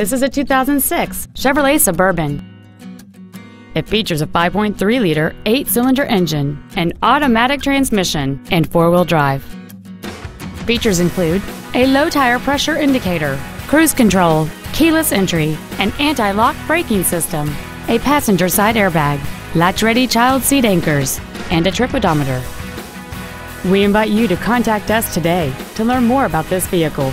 This is a 2006 Chevrolet Suburban. It features a 5.3-liter, eight-cylinder engine, an automatic transmission, and four-wheel drive. Features include a low-tire pressure indicator, cruise control, keyless entry, an anti-lock braking system, a passenger side airbag, latch-ready child seat anchors, and a trip odometer. We invite you to contact us today to learn more about this vehicle.